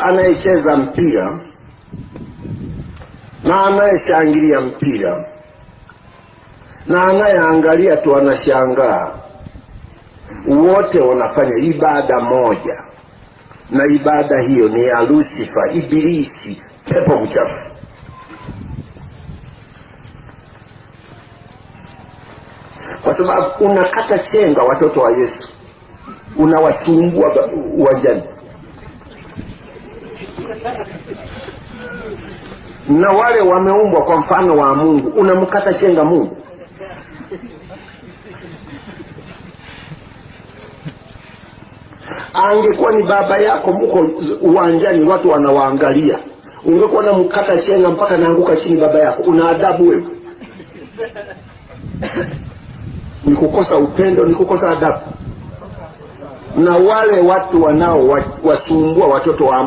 anayecheza mpira na anayeshangilia mpira na anayeangalia tu anashangaa, wote wanafanya ibada moja, na ibada hiyo ni ya lusifa Ibilisi, pepo mchafu. Kwa sababu unakata chenga watoto wa Yesu, unawasumbua uwanjani na wale wameumbwa kwa mfano wa Mungu, unamkata chenga Mungu? Angekuwa ni baba yako, mko uwanjani, watu wanawaangalia, ungekuwa na mkata chenga mpaka naanguka chini, baba yako. Una adabu wewe? Ni kukosa upendo, ni kukosa adabu. Na wale watu wanao wasumbua watoto wa